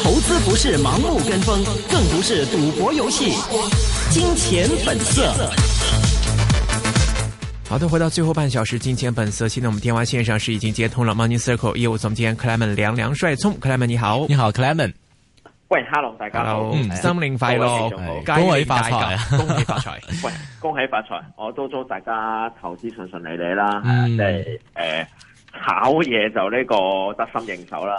投資不是盲目跟風，更不是賭博遊戲。金錢本色。好的，回到最後半小時，金錢本色。現在我們電話綫上是已經接通了 Circle, lement,。Money Circle 業務總監 Clement 梁梁帥聰 Clement 你好，你好 Clement，Hello，大家好，Hello. 嗯，新年快樂，恭喜 decorations. 發財，恭 喜發財，喂，恭 喜發財 ，hey,。我都祝大家投資順順利利啦，係、um. 炒嘢就呢個得心應手啦，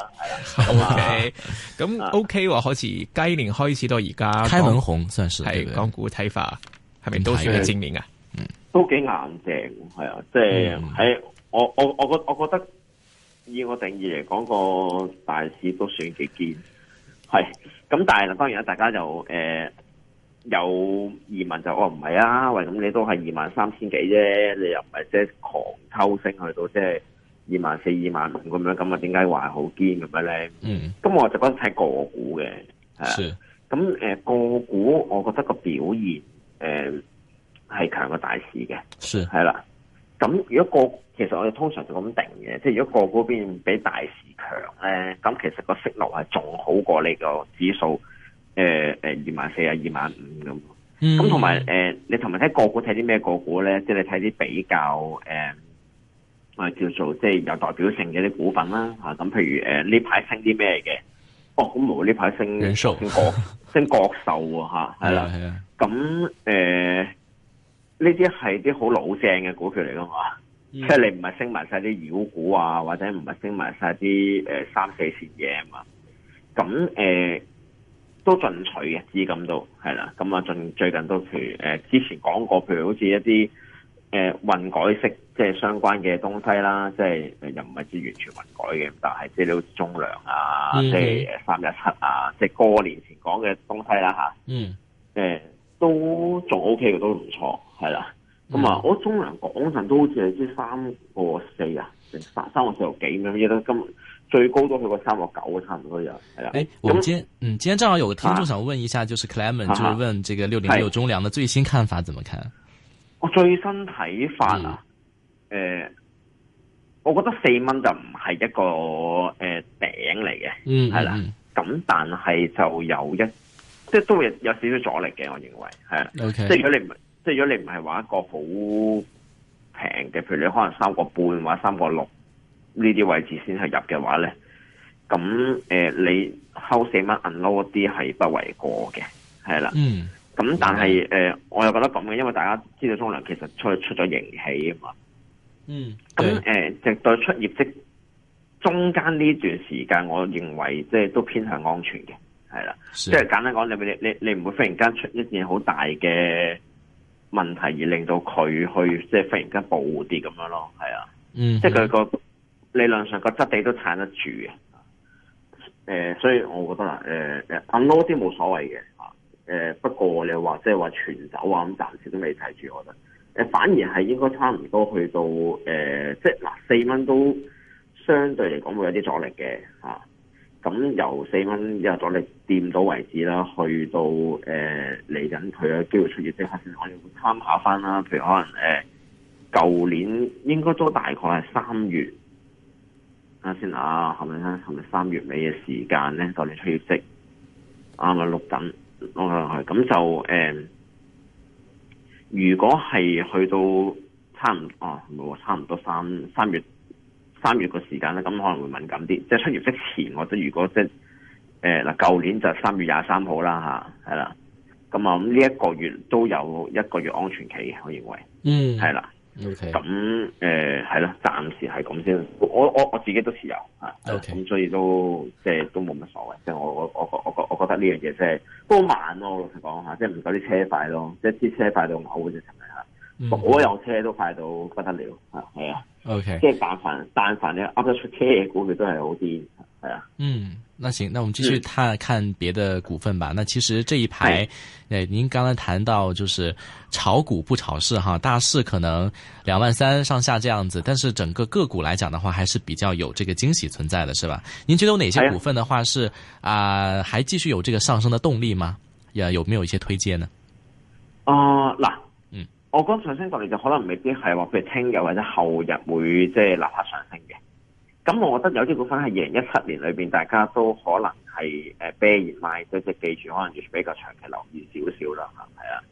係啊，O K，咁 O K 好似開始，今年開始到而家開門紅，算是係講股睇法，係咪都算係正面啊？嗯，都幾硬正，係啊，即、就、係、是，係、嗯、我我我覺我覺得，我覺得以我定義嚟講個大市都算幾堅，係，咁但係當然啦，大家就誒、呃、有移民就我唔係啊，喂，咁你都係二萬三千幾啫，你又唔係即係狂抽升去到即係。就是二萬四、二萬五咁樣，咁啊，點解話係好堅咁樣咧？嗯，咁我就覺得睇個股嘅，係啊，咁誒是個股，我覺得個表現誒係、呃、強過大市嘅，係啦是。咁如果個其實我哋通常就咁定嘅，即係如果個股邊比大市強咧，咁其實個息率係仲好過你個指數誒二萬四啊、二萬五咁。咁同埋誒，你同埋睇個股睇啲咩個股咧？即、就、係、是、你睇啲比較、呃我叫做即係有代表性嘅啲股份啦，吓、啊、咁譬如誒呢排升啲咩嘅？哦，咁冇呢排升數升國 升國壽吓係啦，係啊。 咁誒呢啲係啲好老正嘅股票嚟噶嘛？嗯、即係你唔係升埋晒啲妖股啊，或者唔係升埋晒啲誒三四線嘢啊嘛。咁誒、呃、都進取嘅資金都係啦。咁、嗯、啊，近最近都譬如誒、呃、之前講過，譬如好似一啲。誒混、呃、改式即係相關嘅東西啦，即係又唔係啲完全混改嘅，但係即係你好似中糧啊，嗯、即係三一七啊，嗯、即係過年前講嘅東西啦吓，嗯。誒、啊，都仲 O K 嘅，都唔錯，係啦。咁、嗯、啊，我中糧講緊都好似係啲三個四啊，成三三個四六、幾咁樣，記得今最高都去過三個九差唔多有。係啦。誒，我們今天嗯，今天正好有個聽眾想問一下，啊、就是 Clement 就問呢個六零六中糧嘅最新看法，怎麼看？啊我最新睇法啊，誒、嗯呃，我覺得四蚊就唔係一個誒頂嚟嘅，係、呃、啦。咁但係就有一，即係都會有少少阻力嘅，我認為係 Okay. 即係如果你唔，即係如果你唔係話一個好平嘅，譬如你可能三個半或者三個六呢啲位置先去入嘅話咧，咁誒、呃、你收四蚊 unload 啲係不為過嘅，係啦。嗯咁但係誒白、呃，我又覺得咁嘅，因為大家知道中糧其實出出咗盈氣啊嘛。嗯。咁誒、嗯，直、呃、對出業績中間呢段時間，我認為即係都偏向安全嘅，係啦。即係的簡單講，你唔你你你唔會忽然間出一件好大嘅問題，而令到佢去即係、就是、忽然間保護啲咁樣咯，係啊。嗯。即係佢個、嗯、理論上個質地都撐得住嘅。誒、呃，所以我覺得誒誒，揞多啲冇所謂嘅。誒、呃、不過你話即係話全走啊，咁暫時都未睇住，我覺得、呃。反而係應該差唔多去到誒、呃，即係嗱四蚊都相對嚟講會有啲阻力嘅咁、啊、由四蚊有阻力掂到為止啦，去到誒嚟緊佢有機會出業績，我哋會參考翻啦。譬如可能誒舊、呃、年應該都大概係三月，等下先是是是是、就是、啊，係咪係咪三月尾嘅時間咧？到你出業績，啱咪錄緊。我係咁就誒、呃，如果係去到差唔哦，差唔多三三月三月嘅時間咧，咁可能會敏感啲，即係出業之前或者如果即誒嗱，舊、呃、年就三月廿三號啦吓，係啦，咁啊咁呢一個月都有一個月安全期嘅，我認為，嗯，係啦。咁誒，係啦，暫時係咁先。我我我自己都持有咁、啊、Okay. 所以都即係都冇乜所謂。即係我我我我我覺得呢樣嘢即係都好慢咯。老實講嚇，即係唔夠啲車快咯，即係啲車快到嘔嗰隻程度嚇，hmm. 所有車都快到不得了係啊。啊、o Okay . K，即係但凡但凡，凡，凡，凡，凡你搵得出車嘅估佢都係好癲。係啊。嗯、mm。Hmm. 那行，那我們繼續看看別的股份吧。嗯、那其實這一排，是您剛剛談到就是炒股不炒市哈，大市可能兩萬三上下這樣子，但是整個個股來講的話，還是比較有這個驚喜存在的，是吧？您覺得有哪些股份的話是，是啊、呃，還繼續有這個上升的動力嗎？有沒有一些推介呢？啊那嗯，我剛上升講嘅就可能未必係話聽日或者後日會即係立刻上升嘅。咁我覺得有啲股份係二零一七年裏面，大家都可能係 bear in mind，所以記住可能要比較長期留意少少啦，係咪啊？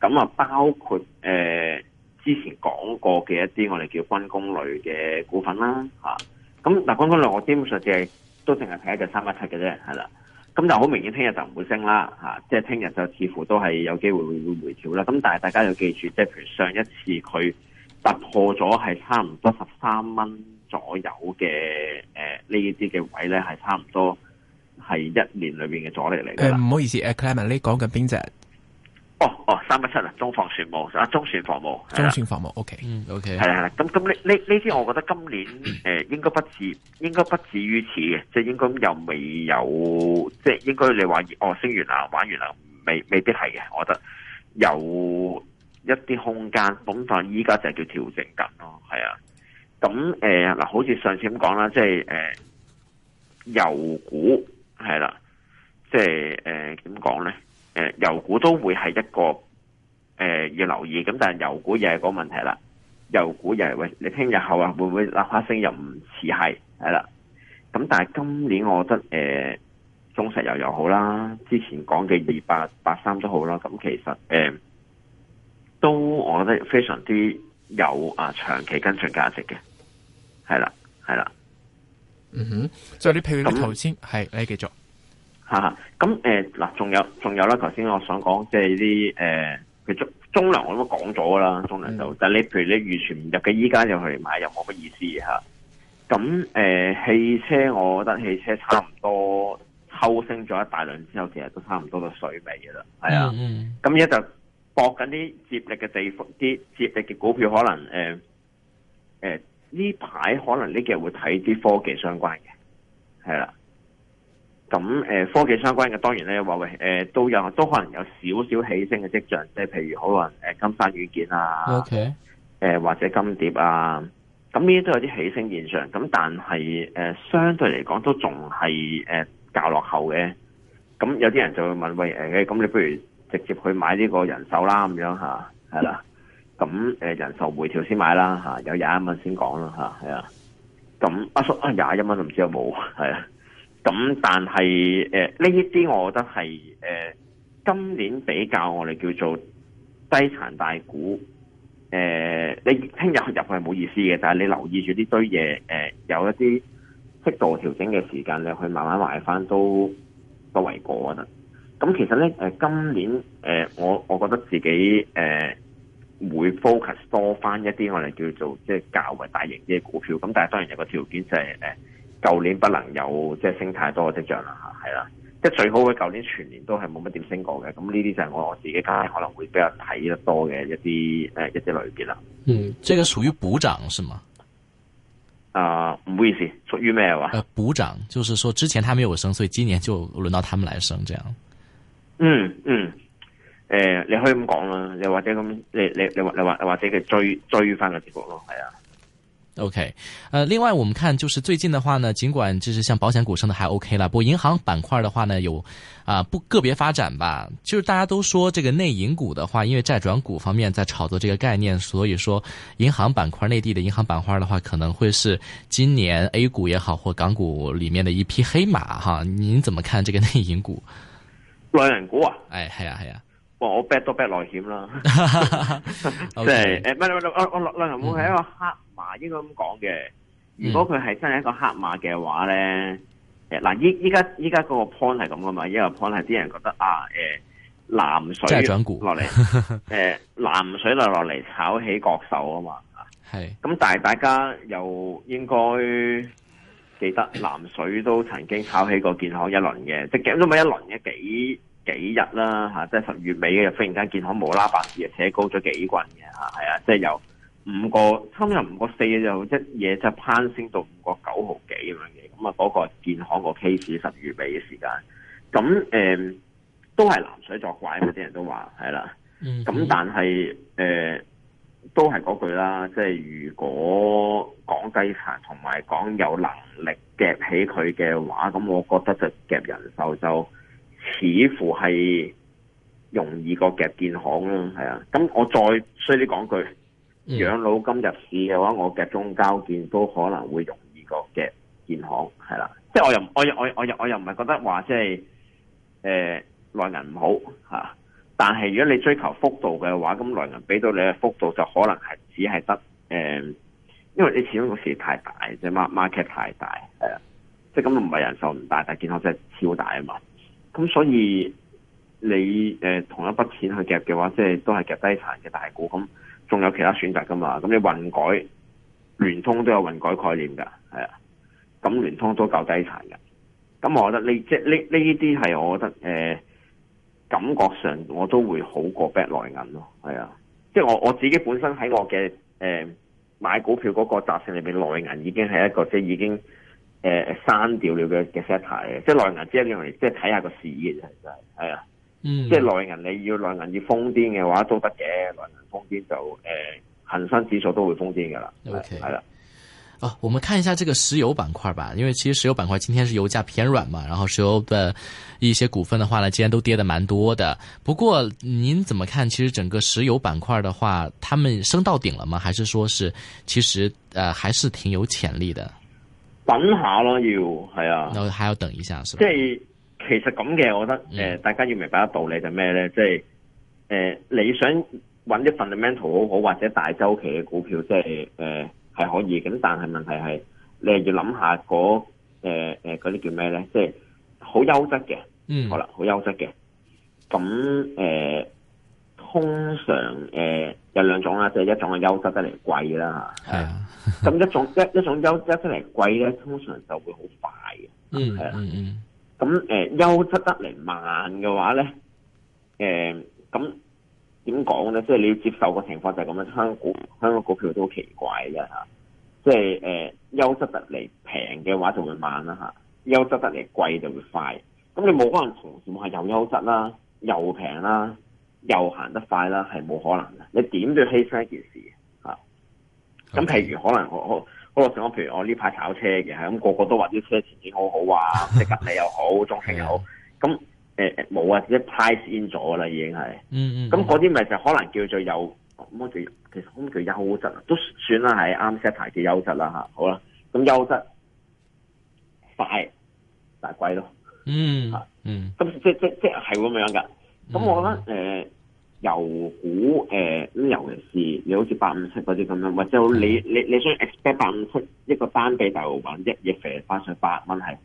咁啊，包括誒、呃、之前講過嘅一啲我哋叫軍工類嘅股份啦，嚇。咁嗱，但軍工類我基本上係都淨係睇一隻三一七嘅啫，係啦。咁就好明顯，聽日就唔會升啦，即係聽日就似乎都係有機會會回調啦。咁但係大家要記住，即係譬如上一次佢突破咗係差唔多十三蚊。左右嘅誒、呃、呢啲嘅位咧，係差唔多係一年裏面嘅阻力嚟嘅。唔好意思，Clement 你講緊邊隻？哦哦，三一七啊，中防船務啊，中船防務，中船防務，OK，OK，係啦，咁咁呢呢呢啲，嗯 okay、我覺得今年誒、呃、應該不止，應該不止於此嘅，即、就、係、是、應該又未有，即、就、係、是、應該你話哦升完啦，玩完啦，未未必係嘅。我覺得有一啲空間，咁但係依家就係叫調整緊咯，係啊。咁誒嗱，好似上次咁講啦，即係誒、呃、油股係啦，即係誒點講咧？誒、呃呃、油股都會係一個誒、呃、要留意，咁但係油股又係個問題啦。油股又係喂，你聽日後啊，會唔會喇花聲又唔似係？係啦，咁但係今年我覺得誒、呃、中石油又好啦，之前講嘅二百八三都好啦。咁其實誒、呃、都我覺得非常之有啊長期跟進價值嘅。係啦，係啦，是嗯哼，再啲譬如咁頭先係你繼那續吓，咁誒嗱，仲有仲有啦，頭先我想講即係啲誒，佢、就是呃、中中糧我都講咗啦，中糧就但、嗯、你譬如你完全唔入嘅，依家又去買又冇乜意思吓。咁誒、呃，汽車我覺得汽車差唔多抽升咗一大輪之後，其實都差唔多個水尾嘅啦，係啊。咁而家、嗯、就搏緊啲接力嘅地方，啲接力嘅股票可能誒誒。呃呃呢排可能呢幾日會睇啲科技相關嘅，係啦。咁誒、呃，科技相關嘅當然咧，話喂誒、呃，都有，都可能有少少起升嘅跡象，即係譬如可能誒金山軟件啊，誒 Okay.、呃、或者金蝶啊，咁呢啲都有啲起升現象。咁但係誒、呃、相對嚟講都仲係誒較落後嘅。咁有啲人就會問喂誒，咁、呃、你不如直接去買呢個人手啦，咁樣吓，係啦。咁人壽回調先買啦，有廿一蚊先講啦，係啊。咁阿叔，啊，廿一蚊都唔知有冇係啊。咁但係呢一啲我覺得係、呃、今年比較，我哋叫做低殘大股誒、呃。你聽日入去係冇意思嘅，但係你留意住呢堆嘢、呃、有一啲適度調整嘅時間，你去慢慢買翻都都為過。我覺得咁其實咧、呃、今年、呃、我我覺得自己誒。呃會 focus 多翻一啲我哋叫做即係較為大型啲嘅股票，咁但係當然有個條件就係、是、誒，舊年不能有即係升太多嘅跡象啦吓，係啦，即係最好嘅舊年全年都係冇乜點升過嘅，咁呢啲就係我自己家可能會比較睇得多嘅一啲誒一啲類別啦。嗯，這個屬於補漲是嗎？啊、呃，唔好意思，屬於咩話？誒、呃，補漲就是說之前他沒有升，所以今年就輪到他們來升，這樣。嗯嗯。嗯你可以咁講啦，你或者咁，你你你或你，你，你或者係追追翻嘅結果咯，係啊。OK，呃，另外我們看，就是最近的話呢，盡管就是像保險股升得還 OK 啦，不過銀行板塊的話呢，有啊、呃、不個別發展吧。就是大家都說這個內銀股的話，因為債轉股方面在炒作這個概念，所以說銀行板塊內地的銀行板塊的話，可能會是今年 A 股也好或港股裏面的一匹黑馬哈。您怎麼看這個內銀股？內銀股啊？哎，係啊，係啊。我 back 多 back 內險啦，即係誒，唔係我我內內行係一個黑馬應該咁講嘅。如果佢係真係一個黑馬嘅話咧，誒嗱，依依家依家嗰個 point 係咁噶嘛？因個 point 係啲人覺得啊，誒、呃，藍水落嚟，誒， 藍水落落嚟炒起國壽啊嘛，係是。咁但係大家又應該記得藍水都曾經炒起過健康一輪嘅，即係咁都咪一輪一幾。幾日啦吓，即係十月尾嘅，忽然間建行無啦八字事又扯高咗幾棍嘅吓，係啊，即係由五個差唔多五個四又一嘢，就攀升到五個九毫幾咁樣嘅，咁啊嗰個建行個 case 十月尾嘅時間，咁誒、呃、都係南水作怪，啲人都話係啦，咁、啊、但係誒、呃、都係嗰句啦，即係如果講低殘同埋講有能力夾起佢嘅話，咁我覺得就夾人壽就。似乎係容易過嘅建行啦，係啊。咁我再衰啲講句，養老金入市嘅話，我嘅中交建都可能會容易過嘅建行係啦。即係我又我又我又我又我又唔係覺得話即係誒內銀唔好吓，但係如果你追求幅度嘅話，咁內銀俾到你嘅幅度就可能係只係得誒、呃，因為你始終個市太大，即係 mark market 太大，係啊，即係咁又唔係人壽唔大，但係建行真係超大啊嘛。咁所以你、呃、同一筆錢去夾嘅話，即係都係夾低殘嘅大股，咁仲有其他選擇㗎嘛？咁你混改聯通都有混改概念㗎，係啊，咁聯通都夠低殘㗎。咁我覺得你，即係呢呢啲係我覺得誒、呃、感覺上我都會好過百內銀咯，係啊，即係我我自己本身喺我嘅誒、呃、買股票嗰個雜成裏面，俾內銀已經係一個即係已經。誒，刪掉了嘅 setter 嘅，即係內銀係用嚟即係睇下個市嘅啫，其實係啊，嗯，即係內銀你要內銀要瘋癲嘅話都得嘅，內銀瘋癲就誒恒生指數都會瘋癲噶啦，OK 係啦。嗯、啊，我們看一下這個石油板塊吧，因為其實石油板塊今天是油價偏軟嘛，然後石油的一些股份的話呢，今天都跌得蠻多的。不過您怎麼看？其實整個石油板塊的話，他們升到頂了嗎？還是說是其實誒、呃、還是挺有潛力的？等下咯，要係啊，那還要等一下，即係其實咁嘅，我覺得誒，嗯、大家要明白一道理就咩咧？即係誒，你想揾啲 fundamental 好好或者大周期嘅股票，就是，即係誒係可以嘅，但係問題係你係要諗下嗰誒誒啲叫咩咧？即係好優質嘅，嗯，好啦，好優質嘅，咁誒。呃通常誒、呃、有兩種啦，即係一種係優質得嚟貴啦，係啊是的。咁 一種一一種優質得嚟貴咧，通常就會好快嘅，嗯，嗯係啊。咁誒、呃、優質得嚟慢嘅話咧，誒咁點講咧？即係、就是、你要接受個情況就係咁樣。香港香港股票都好奇怪嘅嚇，即係誒優質得嚟平嘅話就會慢啦嚇，啊，優質得嚟貴就會快。咁你冇可能同時冇係又優質啦，又平啦。又行得快啦，係冇可能嘅。你點都要犧牲一件事咁 Okay. 譬如可能我好老我想我譬如我呢排炒車嘅，係咁個個都話啲車前景好好啊， 即係吉利又好，中興又好。咁誒冇啊，即一 price in 咗啦，已經係、嗯。嗯嗯。咁嗰啲咪就可能叫做有，咁其、嗯、其實咁其優質都算啦，係啱 set 牌嘅優質啦吓。好啦，咁優質快但係貴咯。嗯。嗯，咁 即即即係咁樣噶。咁、嗯、我覺得油、呃、股誒咁、呃，尤其是你好似八五七嗰啲咁樣，或者你你你想 expect 八五七一個單比大號揾一億肥翻上八蚊係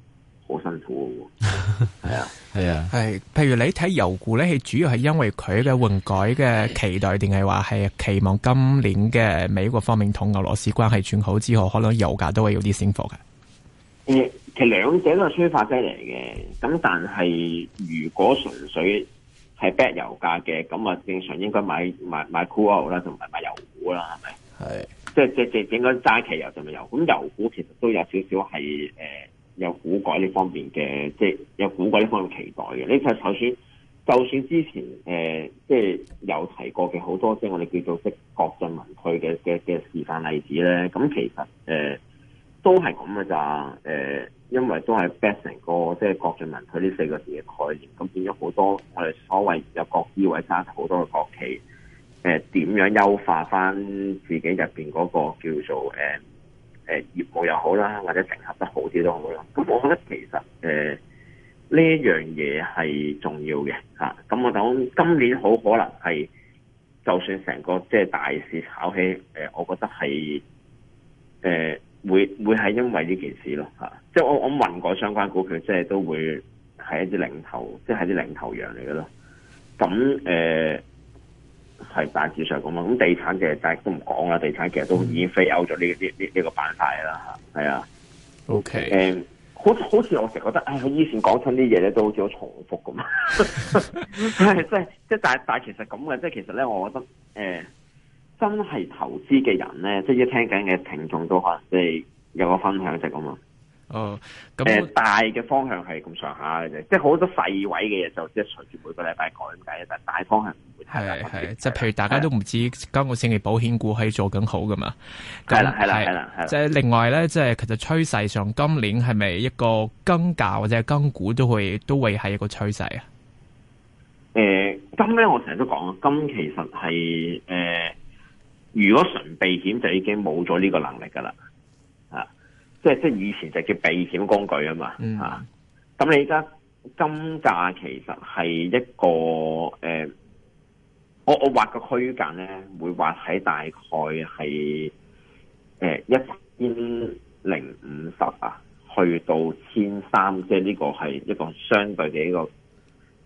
好辛苦喎，係 啊係啊係。譬如你睇油股咧，係主要係因為佢嘅混改嘅期待，定係話係期望今年嘅美國方面同俄羅斯關係轉好之後，可能油價都會有啲升幅嘅、嗯。其實兩者都係催化劑嚟嘅。咁但係如果純粹，係 back 油價嘅。咁啊，正常應該買買買 coal 啦，同埋買油股啦，係咪？係是，即係即係應該揸期油同埋油。咁、就是、油，油股其實都有少少係誒有股改呢方面嘅，即、就、係、是、有股改呢方面期待嘅。呢睇就先，就算之前誒即係有提過嘅好多即係我哋叫做即係國進民退嘅嘅嘅示範例子咧，咁、嗯、其實誒。呃都係咁嘅咋？誒、呃，因為都係 back 成個即係國進民退佢呢四個字嘅概念，咁變咗好多。我哋所謂有國資委或者好多嘅國企，誒、呃、點樣優化翻自己入邊嗰個叫做誒誒、呃呃、業務又好啦，或者整合得好啲都好啦。咁我覺得其實誒呢一樣嘢係重要嘅嚇。咁、啊、我講今年好可能係就算成個即係大市炒起，誒、呃，我覺得係誒。呃會會係因為呢件事咯，吓，即係我我問過相關股票，即係都會係一啲領頭，即係啲領頭羊嚟嘅咯。咁誒，係、呃、大致上咁啊，咁地產其實真係都唔講啦，地產其實都已經飛 out 咗呢呢呢個板塊啦，吓，係啊。O K，誒，好好似我成日覺得，誒、哎，以前講親啲嘢咧，都好似好重複咁係 即係即係，但但其實咁嘅，即係其實咧，我覺得誒。呃真係投資嘅人咧，即係一聽緊嘅聽眾都可能即係有個分享就咁咯。哦，呃，大嘅方向係咁上下嘅，即係好多細位嘅嘢，就即係隨住每個禮拜改一改，但大方向唔會係係。即係係係譬如大家都唔知今個星期保險股可以做緊好噶嘛？係啦，係啦，係啦，係啦。即係另外咧，即係其實趨勢上今年係咪一個金價或者金股都會都會係一個趨勢啊？誒，呃，金咧，我成日都講啊，金其實係誒。呃如果純避險就已經冇咗呢個能力噶啦，啊，即係即係以前就叫避險工具啊嘛，啊，咁、嗯、你而家金價其實係一個誒、欸，我我畫個區間咧，會畫喺大概係誒一千零五十啊，去到千三，即係呢個係一個相對嘅一個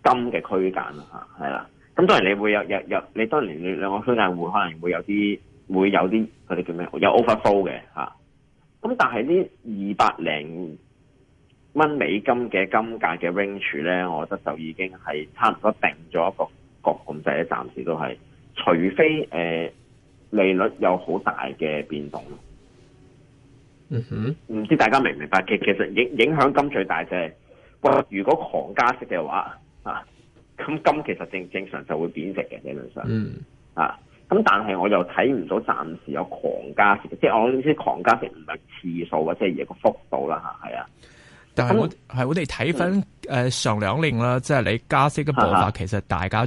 金嘅區間啊，係啦。咁當然你會有有有，你當然你兩個區間會可能會有啲，會有啲啲叫咩，有 overflow 嘅嚇。咁、啊、但係呢二百零蚊美金嘅金價嘅 range 咧，我覺得就已經係差唔多定咗一個局咁滯，暫時都係，除非誒、呃、利率有好大嘅變動。嗯哼，唔知大家明唔明白？其其實影影響金最大就係，如果狂加息嘅話，啊！金金其實正正常就會貶值嘅，基本上，嗯啊，咁但係我又睇唔到暫時有狂加息，即係我意思狂加息唔係次數或者而係個幅度啦嚇，係啊。但係我係我哋睇翻上兩年啦，即係、嗯、你加息嘅步伐其實大家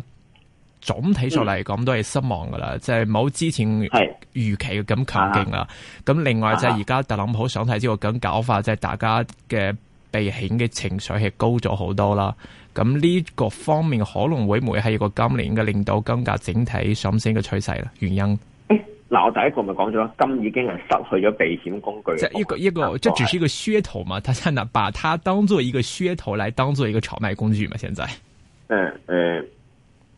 總體上嚟講都係失望㗎啦，即係冇之前預期嘅咁強勁啦。咁的另外就係而家特朗普想睇呢個咁搞法，即係大家嘅。避險嘅情緒係高咗好多啦，咁呢個方面可能會唔會係一個今年嘅令到金價整體上升嘅趨勢啦，原因？嗱、欸，我第一個咪講咗啦，金已經係失去咗避險工具即係。一個一個，啊、這只是一個噱頭嘛？他現在把它當做一個噱頭來當做一個炒賣工具嘛？現在、呃？誒、呃、誒，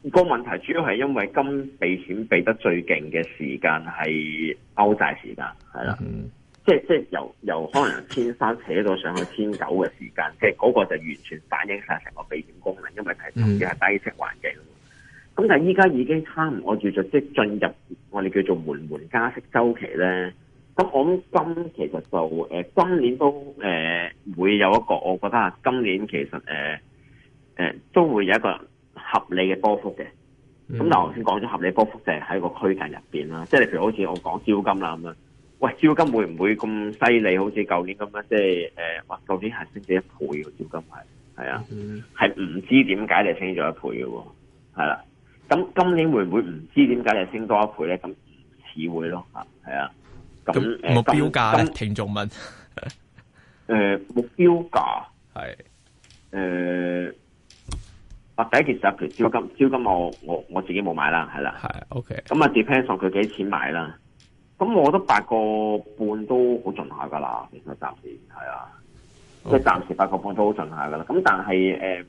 那個問題主要係因為金避險避得最勁嘅時間係歐債時間，係啦，嗯。即係即係由由可能由千三扯到上去千九嘅時間，即係嗰個就完全反映晒成個避險功能，因為係特別係低息環境。咁、嗯、但係依家已經差唔多住咗，即係進入我哋叫做緩慢加息週期咧。咁我今其實就誒、呃、今年都誒、呃、會有一個，我覺得今年其實誒誒、呃呃、都會有一個合理嘅波幅嘅。咁、嗯、但係我頭先講咗合理波幅，就係喺個區間入邊啦。即係你譬如好似我講招金啦咁樣。喂，招金會唔會咁犀利？好似舊年咁樣即係誒，哇、呃！舊年係升咗一倍，招金係，係啊，係唔、mm hmm. 知點解你升咗一倍嘅，係啦、啊。咁今年會唔會唔知點解你升多一倍咧？咁似會咯，吓係啊。咁、嗯、目標價？嗯、聽眾眾問。誒、 呃，目標價係誒，啊是、呃，第一件事啊，譬如招金，招金我我我自己冇買啦，係啦、啊，係。O K。咁啊，depends on 佢幾錢買啦。咁我覺得八個半都好盡下噶啦，其實暫時係啊，即係暫時八個半都好盡下噶啦。咁但係誒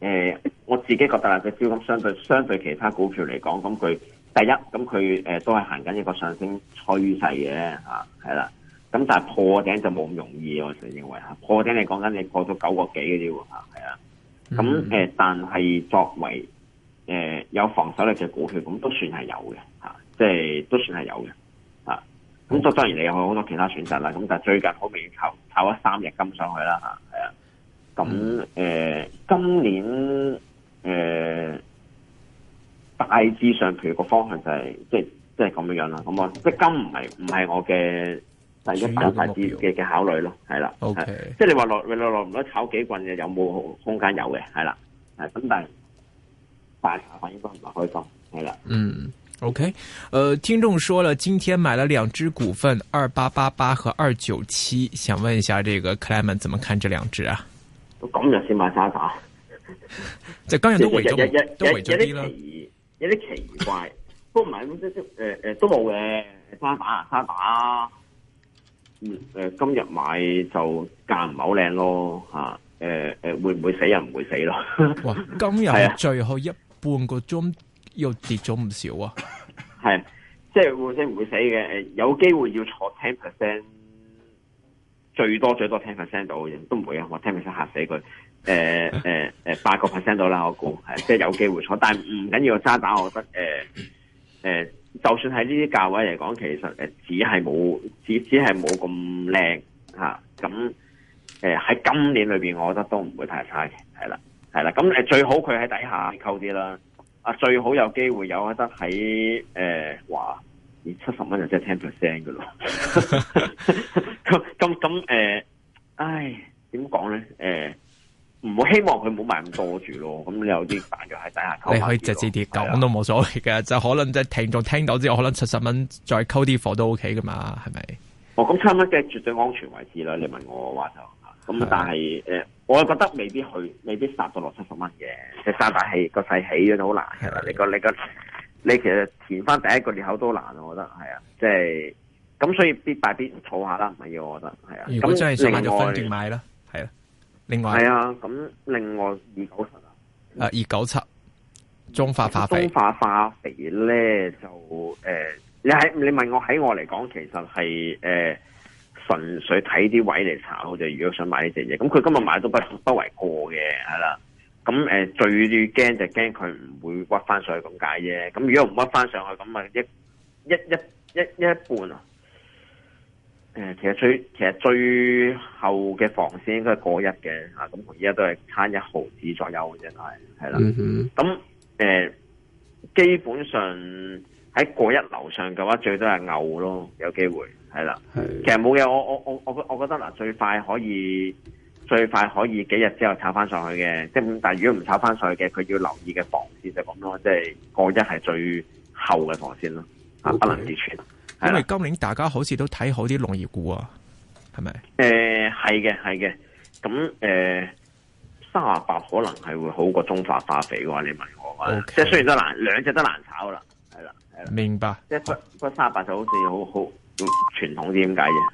誒，我自己覺得啊，隻招金相對相對其他股票嚟講，咁佢第一，咁佢誒都係行緊一個上升趨勢嘅吓，係啦。咁但係破頂就冇咁容易，我成日認為吓，破頂你講緊你破咗九個幾嘅喎吓，係啊。咁誒、mm hmm. 呃，但係作為誒、呃、有防守力嘅股票，咁都算係有嘅吓。即係都算係有嘅，啊，咁都當然你有好多其他選擇啦。咁、哦、但係最近好明顯炒咗三日金上去啦，係啊。咁誒、啊嗯呃，今年誒大致上，譬如個方向就係即係即係咁樣樣啦。咁啊，即金唔係唔係我嘅第一等大支嘅嘅考慮咯，係啦、啊 okay. 啊。即係你話落落落唔落炒幾棍嘅，有冇空間有嘅？係啦，係咁，但係大情況應該唔係開放，係啦、啊。嗯。O、okay, K，呃，聽眾說了，今天買了兩支股份，二八八八和二九七，想問一下這個 Clement 怎麼看這兩支啊？今日先買沙打，即係今日都為咗，咗啲有啲奇， 奇，奇怪，都唔係，即係誒誒都冇嘅沙打啊沙打，嗯誒、呃，今日買就價唔係好靚咯吓，誒、啊、誒、呃、會唔會死又唔會死咯 ？哇，今日最後一半個鐘。又跌咗唔少啊，係，即係會唔會死嘅？誒，有機會要坐 ten percent，最多最多 ten percent 到，都唔會啊！我 ten percent 吓死佢，誒誒誒，八個 percent 到啦，我估，即係有機會坐，但係唔緊要揸打。我覺得，誒、呃、誒、呃，就算喺呢啲價位嚟講，其實誒只係冇，只只係冇咁靚吓，咁誒喺今年裏邊，我覺得都唔會太差嘅，係啦，係啦，咁誒最好佢喺底下，你扣啲啦。啊，最好有機會有得喺誒話，以七十蚊就即係 ten percent 嘅咯。咁咁咁誒，唉，點講咧？誒、嗯，唔好希望佢冇買咁多住咯。咁你有啲散藥喺底下，你可以直接跌，講都冇所謂嘅。了就可能即係聽眾聽到之後，可能七十蚊再溝啲貨都 OK 嘅嘛，係咪？哦，咁差唔多，即係絕對安全位置啦。你問我話就～咁但係誒，啊、我覺得未必去，未必殺到六七十蚊嘅，即係生大氣個勢起咗都好難，係啦、啊、你個你個你其實填翻第一個裂口都難，我覺得係啊。即係咁，所以必敗必坐下啦，唔係要，我覺得係啊。如果真係想就分段買啦，係啊。另外係啊，咁另外二九七啊，誒二九七中化化肥，中化化肥咧就誒，你、呃、喺你問我喺我嚟講，其實係誒。呃純粹睇啲位嚟炒就，如果想買呢隻嘢，咁佢今日買都不不為過嘅，係啦。咁誒、呃，最驚就驚佢唔會屈翻上去咁解啫。咁如果唔屈翻上去，咁咪一一一一一一半啊。誒、呃，其實最其實最後嘅防線應該係過一嘅吓，咁而家都係差一毫子左右嘅啫，係係啦。咁誒、mm hmm. 呃，基本上。喺過一樓上嘅話，最多係牛咯，有機會係啦。係嘅係嘅其實冇嘢，我我我我我覺得嗱，最快可以最快可以幾日之後炒翻上去嘅，即係但係如果唔炒翻上去嘅，佢要留意嘅防線就咁咯，即係過一係最後嘅防線咯，啊 Okay 不能跌穿。因為今年大家好似都睇好啲農業股啊，係咪？誒係嘅係嘅，咁誒卅八可能係會好過中化化肥嘅話，你問我 Okay. 即係雖然都難，兩隻都難炒啦，係啦。明白，即係嗰嗰三十八就好似好好傳統啲，啲，點解嘅？